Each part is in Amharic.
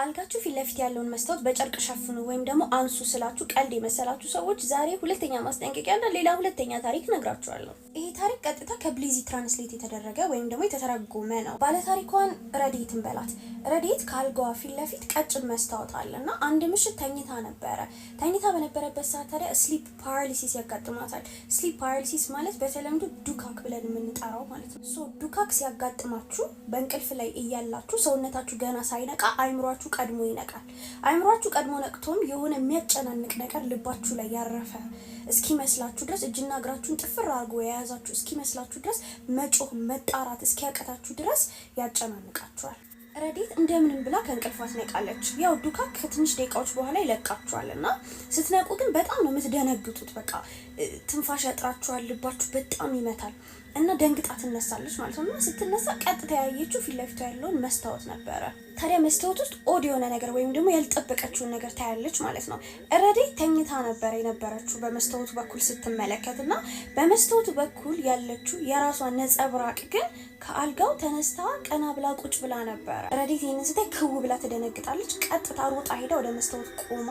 ከአልጋችሁ ፊት ለፊት ያለውን መስታወት በጨርቅ ሸፍኑ ወይም ደግሞ አንሱ ስላችሁ ቀልድ የመሰላችሁ ሰዎች ዛሬ ሁለተኛ ማስጠንቀቂያ እና ሌላ ሁለተኛ ታሪክ ነግራችኋለሁ። ይሄ ታሪክ ቀጥታ ከብሊዚ ትራንስሌት የተደረገ ወይም ደግሞ የተተረጎመ ነው። ባለታሪኳን ረዴት እንበላት። ረዴት ከአልጋዋ ፊት ለፊት ቀጭን መስታወት አለ እና አንድ ምሽት ተኝታ ነበረ። ተኝታ በነበረበት ሰዓት ታዲያ ስሊፕ ፓራሊሲስ ያጋጥማታል። ስሊፕ ፓራሊሲስ ማለት በተለምዶ ዱካክ ብለን የምንጠራው ማለት ነው። ሶ ዱካክ ሲያጋጥማችሁ በእንቅልፍ ላይ እያላችሁ ሰውነታችሁ ገና ሳይነቃ አይምሯችሁ ቀድሞ ይነቃል። አይምሯችሁ ቀድሞ ነቅቶም የሆነ የሚያጨናንቅ ነገር ልባችሁ ላይ ያረፈ እስኪመስላችሁ ድረስ እጅና እግራችሁን ጥፍር አድርጎ የያዛችሁ እስኪመስላችሁ ድረስ መጮህ መጣራት እስኪያቀታችሁ ድረስ ያጨናንቃችኋል። ረዴት እንደምንም ብላ ከእንቅልፏ ትነቃለች። ያው ዱካ ከትንሽ ደቂቃዎች በኋላ ይለቃችኋል እና ስትነቁ ግን በጣም ነው የምትደነግጡት። በቃ ትንፋሽ ያጥራችኋል፣ ልባችሁ በጣም ይመታል እና ደንግጣ ትነሳለች ማለት ነው። እና ስትነሳ ቀጥታ ያየችው ፊት ለፊቷ ያለውን መስታወት ነበረ። ታዲያ መስታወት ውስጥ ኦድ የሆነ ነገር ወይም ደግሞ ያልጠበቀችውን ነገር ታያለች ማለት ነው። ረዴት ተኝታ ነበረ የነበረችው በመስታወቱ በኩል ስትመለከት እና በመስታወቱ በኩል ያለችው የራሷ ነጸብራቅ ግን ከአልጋው ተነስታ ቀና ብላ ቁጭ ብላ ነበር። ነበረ። ረዲት ይህን ስታይ ክው ብላ ትደነግጣለች። ቀጥታ ሩጣ ሄዳ ወደ መስታወት ቆማ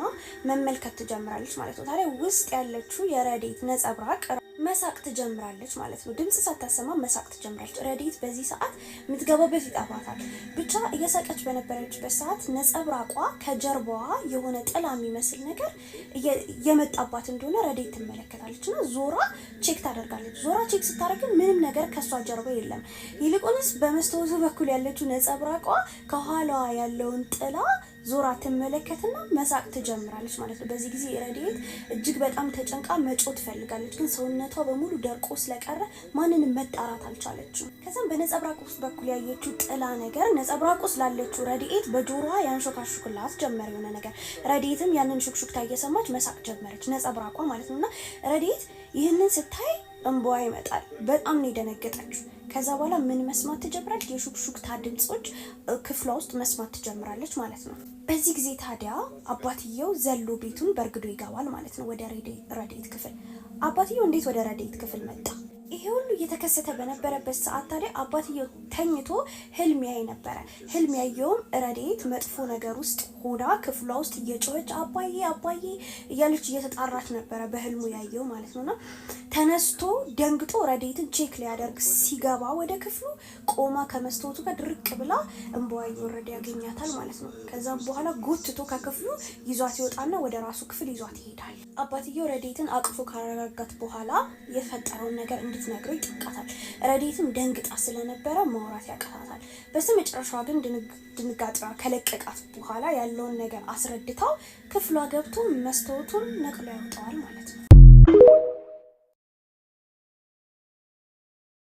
መመልከት ትጀምራለች ማለት ነው። ታዲያ ውስጥ ያለችው የረዲት ነጸብራቅ መሳቅ ትጀምራለች ማለት ነው። ድምፅ ሳታሰማ መሳቅ ትጀምራለች። ረዴት በዚህ ሰዓት የምትገባበት ይጠፋታል። ብቻ እየሳቀች በነበረችበት ሰዓት ነጸብራቋ ከጀርባዋ የሆነ ጥላ የሚመስል ነገር እየመጣባት እንደሆነ ረዴት ትመለከታለች እና ዞራ ቼክ ታደርጋለች። ዞራ ቼክ ስታደርግ ምንም ነገር ከእሷ ጀርባ የለም። ይልቁንስ በመስታወቱ በኩል ያለችው ነጸብራቋ ከኋላዋ ያለውን ጥላ ዞራ ትመለከትና መሳቅ ትጀምራለች ማለት ነው። በዚህ ጊዜ ረድኤት እጅግ በጣም ተጨንቃ መጮ ትፈልጋለች፣ ግን ሰውነቷ በሙሉ ደርቆ ስለቀረ ማንንም መጣራት አልቻለችም። ከዚም በነጸብራቅ ውስጥ በኩል ያየችው ጥላ ነገር ነጸብራቅ ውስጥ ላለችው ረድኤት በጆሮዋ ያንሾካሹክላት ጀመር የሆነ ነገር። ረድኤትም ያንን ሹክሹክታ እየሰማች መሳቅ ጀመረች፣ ነጸብራቋ ማለት ነውና ረድኤት ይህንን ስታይ እንቧ ይመጣል። በጣም ነው የደነገጠችው። ከዛ በኋላ ምን መስማት ትጀምራለች? የሹክሹክታ ድምፆች ክፍሏ ውስጥ መስማት ትጀምራለች ማለት ነው። በዚህ ጊዜ ታዲያ አባትየው ዘሎ ቤቱን በእርግዶ ይገባል ማለት ነው ወደ ረዴት ክፍል። አባትየው እንዴት ወደ ረዴት ክፍል መጣ? ይሄ ሁሉ እየተከሰተ በነበረበት ሰዓት ታዲያ አባትየው ተኝቶ ህልም ያይ ነበረ። ህልም ያየውም ረዴት መጥፎ ነገር ውስጥ ሆና ክፍሏ ውስጥ እየጮኸች አባዬ አባዬ እያለች እየተጣራች ነበረ በህልሙ ያየው ማለት ነውና ተነስቶ ደንግጦ ረዴትን ቼክ ሊያደርግ ሲገባ ወደ ክፍሉ ቆማ ከመስታወቱ ጋር ድርቅ ብላ እንበዋ እየወረደ ያገኛታል ማለት ነው። ከዛም በኋላ ጎትቶ ከክፍሉ ይዟት ይወጣና ወደ ራሱ ክፍል ይዟት ይሄዳል። አባትየው ረዴትን አቅፎ ካረጋጋት በኋላ የፈጠረውን ነገር እንድትነግረው ይጠቃታል ረዴትም ደንግጣ ስለነበረ ማውራት ያቀታታል። በስተመጨረሻ ግን ድንጋጥራ ከለቀቃት በኋላ ያለውን ነገር አስረድታው ክፍሏ ገብቶ መስታወቱን ነቅሎ ያወጣዋል ማለት ነው።